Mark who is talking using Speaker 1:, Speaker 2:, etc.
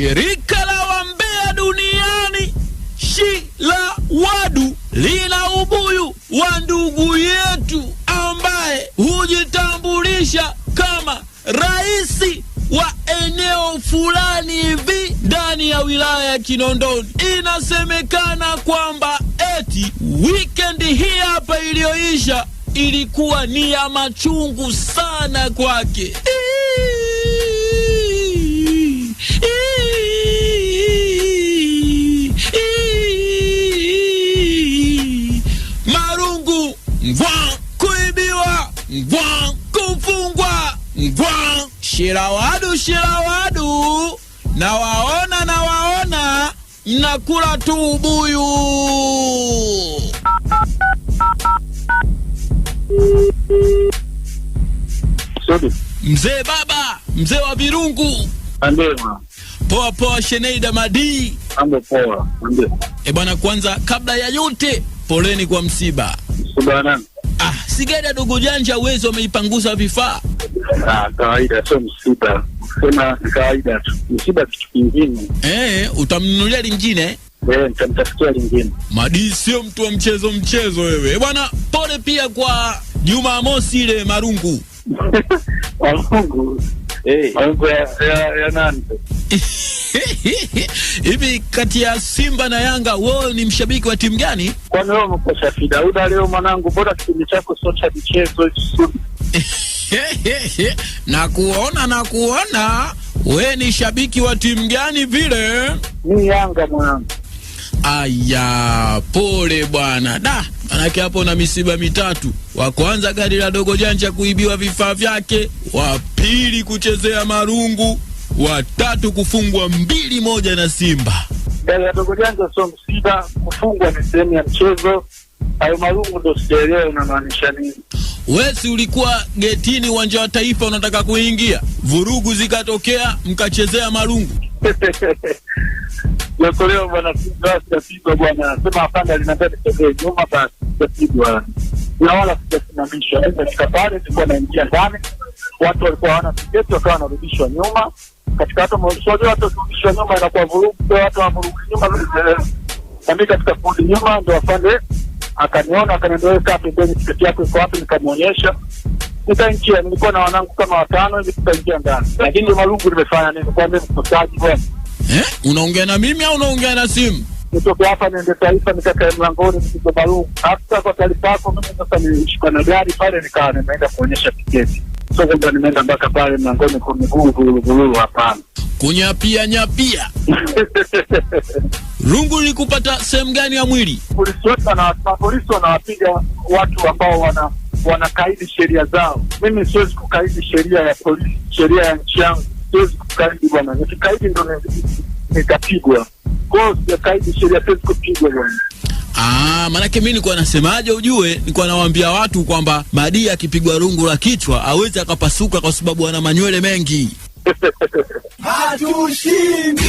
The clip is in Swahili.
Speaker 1: Shirika la wambea duniani la wadu lina ubuyu wa ndugu yetu ambaye hujitambulisha kama raisi wa eneo fulani hivi ndani ya wilaya ya Kinondoni. Inasemekana kwamba eti wikendi hii hapa iliyoisha ilikuwa ni ya machungu sana kwake. Shirawadu, shirawadu, nawaona, nawaona, nakula tu ubuyu.
Speaker 2: Mzee baba, mzee wa virungu.
Speaker 3: Andema.
Speaker 1: Poa poa, Sheneida Madi.
Speaker 3: Ambo poa. Ambo.
Speaker 1: Eh, bwana, kwanza kabla ya yote, poleni kwa msiba.
Speaker 3: Msiba
Speaker 1: Ah, Sigeda dugu janja, uwezo ameipanguza vifaa
Speaker 3: Ah, kawaida sio msiba. Sema kawaida tu. Msiba kitu kingine.
Speaker 1: Eh, utamnunulia lingine? Eh, Madi sio mtu wa mchezo mchezo wewe. Eh, bwana, pole pia kwa Jumamosi ile marungu.
Speaker 3: Marungu. Eh. Marungu ya, ya, ya nani?
Speaker 1: hivi kati ya Simba na Yanga wewe ni mshabiki wa timu gani?
Speaker 3: Kwani wewe umekosa Fidauda leo mwanangu, bora kipindi chako sio cha michezo.
Speaker 1: na kuona na kuona we ni shabiki wa timu gani vile?
Speaker 3: Ni Yanga mwanangu.
Speaker 1: Aya, pole bwana da, manake hapo na misiba mitatu. Wa kwanza gari la dogo janja kuibiwa vifaa vyake, wa pili kuchezea marungu watatu kufungwa mbili moja na Simba.
Speaker 3: ya dogo janja sio msiba, kufungwa ni sehemu ya mchezo. Hayo marungu ndo sijaelewa unamaanisha nini?
Speaker 1: Wesi ulikuwa getini uwanja wa Taifa, unataka kuingia, vurugu zikatokea, mkachezea marungu
Speaker 3: Nakolewa bwana, Simba, sijapigwa bwana, sema hapana, linambia nichezee nyuma, basi sijapigwa na wala sijasimamishwa. Mimi nafika pale, nilikuwa naingia ndani, watu walikuwa hawana tiketi, wakawa wanarudishwa nyuma katika watu wameshauri watu wasirudishwe nyuma, inakuwa vurugu, watu wavurugi nyuma nami katika kurudi nyuma ndo afande akaniona akaniambia, wewe kaa pembeni, tiketi yako iko wapi? Nikamwonyesha, nikaingia. Nilikuwa na wanangu kama watano hivi, tukaingia ndani, lakini ndo Malugu nimefanya nini? Kwambia mkosaji bwana
Speaker 1: eh, unaongea na mimi au unaongea na simu?
Speaker 3: Nitoke hapa niende Taifa, nikakae mlangoni nikigo Malugu. Hata kwa taarifa yako, mimi sasa nilishikwa na gari pale, nikawa nimeenda kuonyesha tiketi kutoka ndo nimeenda mpaka pale mlangoni miguu vuluvululu, hapana
Speaker 1: kunyapia nyapia. Rungu likupata sehemu gani ya mwili?
Speaker 3: Polisi wetu na polisi wanawapiga watu ambao wana wanakaidi sheria zao. Mimi siwezi kukaidi sheria ya polisi, sheria ya nchi yangu siwezi kukaidi bwana. Nikikaidi ndo nitapigwa. kwao sijakaidi sheria, siwezi kupigwa bwana.
Speaker 1: Ah, maanake mimi nilikuwa nasemaje, ujue nilikuwa nawaambia watu kwamba madi akipigwa rungu la kichwa awezi akapasuka kwa sababu ana manywele mengi. Hatushindi.